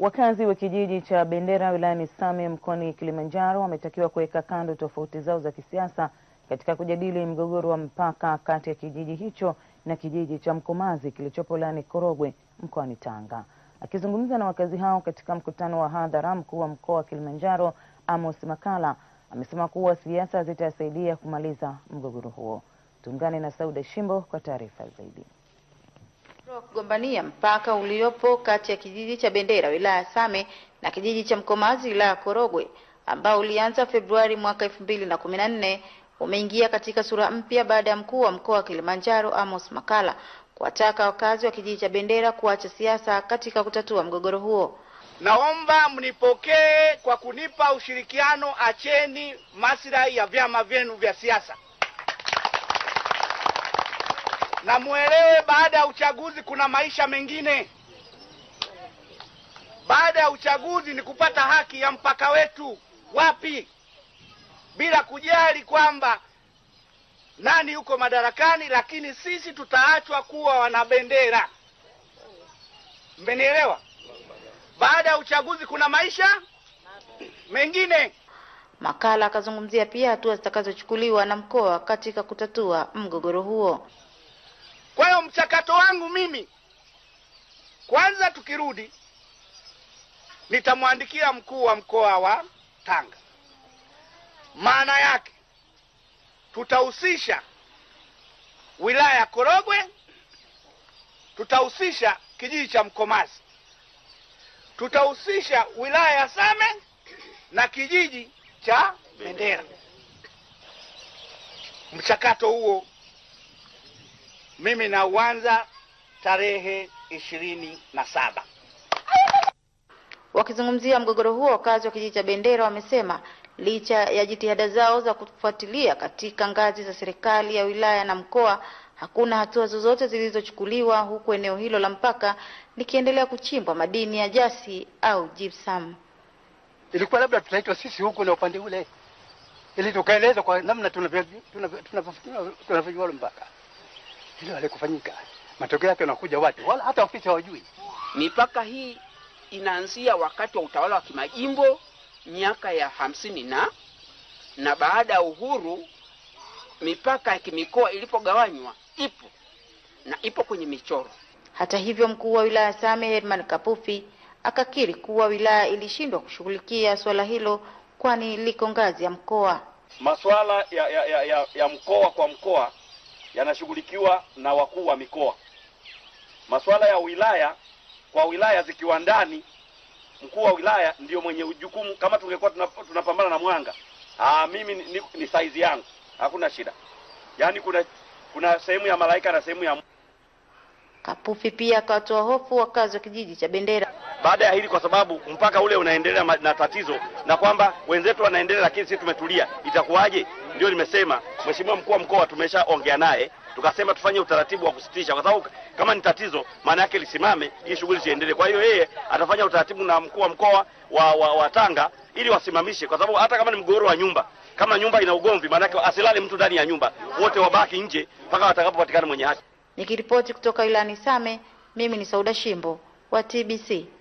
Wakazi wa kijiji cha Bendera wilayani Same mkoani Kilimanjaro wametakiwa kuweka kando tofauti zao za kisiasa katika kujadili mgogoro wa mpaka kati ya kijiji hicho na kijiji cha Mkomazi kilichopo wilayani Korogwe mkoani Tanga. Akizungumza na wakazi hao katika mkutano wa hadhara, mkuu wa mkoa wa Kilimanjaro Amos Makala amesema kuwa siasa zitasaidia kumaliza mgogoro huo. Tuungane na Sauda Shimbo kwa taarifa zaidi wa kugombania mpaka uliopo kati ya kijiji cha Bendera wilaya ya Same na kijiji cha Mkomazi wilaya ya Korogwe ambao ulianza Februari mwaka elfu mbili na kumi na nne umeingia katika sura mpya baada ya mkuu wa mkoa wa Kilimanjaro Amos Makala kuwataka wakazi wa kijiji cha Bendera kuacha siasa katika kutatua mgogoro huo. Naomba mnipokee kwa kunipa ushirikiano, acheni maslahi ya vyama vyenu vya siasa na mwelewe, baada ya uchaguzi kuna maisha mengine. Baada ya uchaguzi ni kupata haki ya mpaka wetu wapi, bila kujali kwamba nani yuko madarakani, lakini sisi tutaachwa kuwa wanabendera. Mmenielewa? Baada ya uchaguzi kuna maisha mengine. Makala akazungumzia pia hatua zitakazochukuliwa na mkoa katika kutatua mgogoro huo. Kwa hiyo mchakato wangu mimi, kwanza tukirudi, nitamwandikia mkuu wa mkoa wa Tanga. Maana yake tutahusisha wilaya ya Korogwe, tutahusisha kijiji cha Mkomazi, tutahusisha wilaya ya Same na kijiji cha Bendera. Mchakato huo mimi nauanza tarehe ishirini na saba. Wakizungumzia mgogoro huo, wakazi wa kijiji cha Bendera wamesema licha ya jitihada zao za kufuatilia katika ngazi za serikali ya wilaya na mkoa, hakuna hatua zozote zilizochukuliwa, huku eneo hilo la mpaka likiendelea kuchimbwa madini ya jasi au gypsum. Ilikuwa labda tutaitwa sisi huku na upande ule, ili tukaeleza kwa namna tunavyojua mpaka hilo halikufanyika. Matokeo yake wanakuja watu wala hata ofisa hawajui. Mipaka hii inaanzia wakati wa utawala wa kimajimbo miaka ya hamsini na na baada ya uhuru mipaka ya kimikoa ilipogawanywa ipo na ipo kwenye michoro. Hata hivyo, mkuu wa wilaya Same Herman Kapufi akakiri kuwa wilaya ilishindwa kushughulikia swala hilo kwani liko ngazi ya mkoa. Masuala ya, ya, ya, ya, ya mkoa kwa mkoa yanashughulikiwa na wakuu wa mikoa. Masuala ya wilaya kwa wilaya zikiwa ndani, mkuu wa wilaya ndio mwenye ujukumu. Kama tungekuwa tunapambana na Mwanga, ah, mimi ni, ni, ni saizi yangu, hakuna shida. Yaani kuna kuna sehemu ya malaika na sehemu ya Kapufi. Pia akawatoa hofu wakazi wa kijiji cha Bendera baada ya hili, kwa sababu mpaka ule unaendelea na tatizo na kwamba wenzetu wanaendelea, lakini sisi tumetulia, itakuwaje? ndio nimesema mheshimiwa mkuu wa mkoa tumeshaongea naye tukasema tufanye utaratibu wa kusitisha, kwa sababu kama ni tatizo, maana yake lisimame, hii shughuli ziendelee Kwa hiyo yeye atafanya utaratibu na mkuu wa mkoa wa, wa, wa Tanga ili wasimamishe, kwa sababu hata kama ni mgogoro wa nyumba, kama nyumba ina ugomvi, maana yake asilale mtu ndani ya nyumba, wote wabaki nje mpaka watakapopatikana mwenye haki. Nikiripoti kutoka wilayani Same, mimi ni Sauda Shimbo wa TBC.